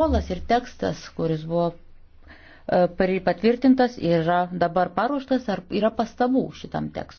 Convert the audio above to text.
Polas ir tekstas, kuris buvo e, patvirtintas, yra dabar paruoštas ar yra pastabų šitam tekstui.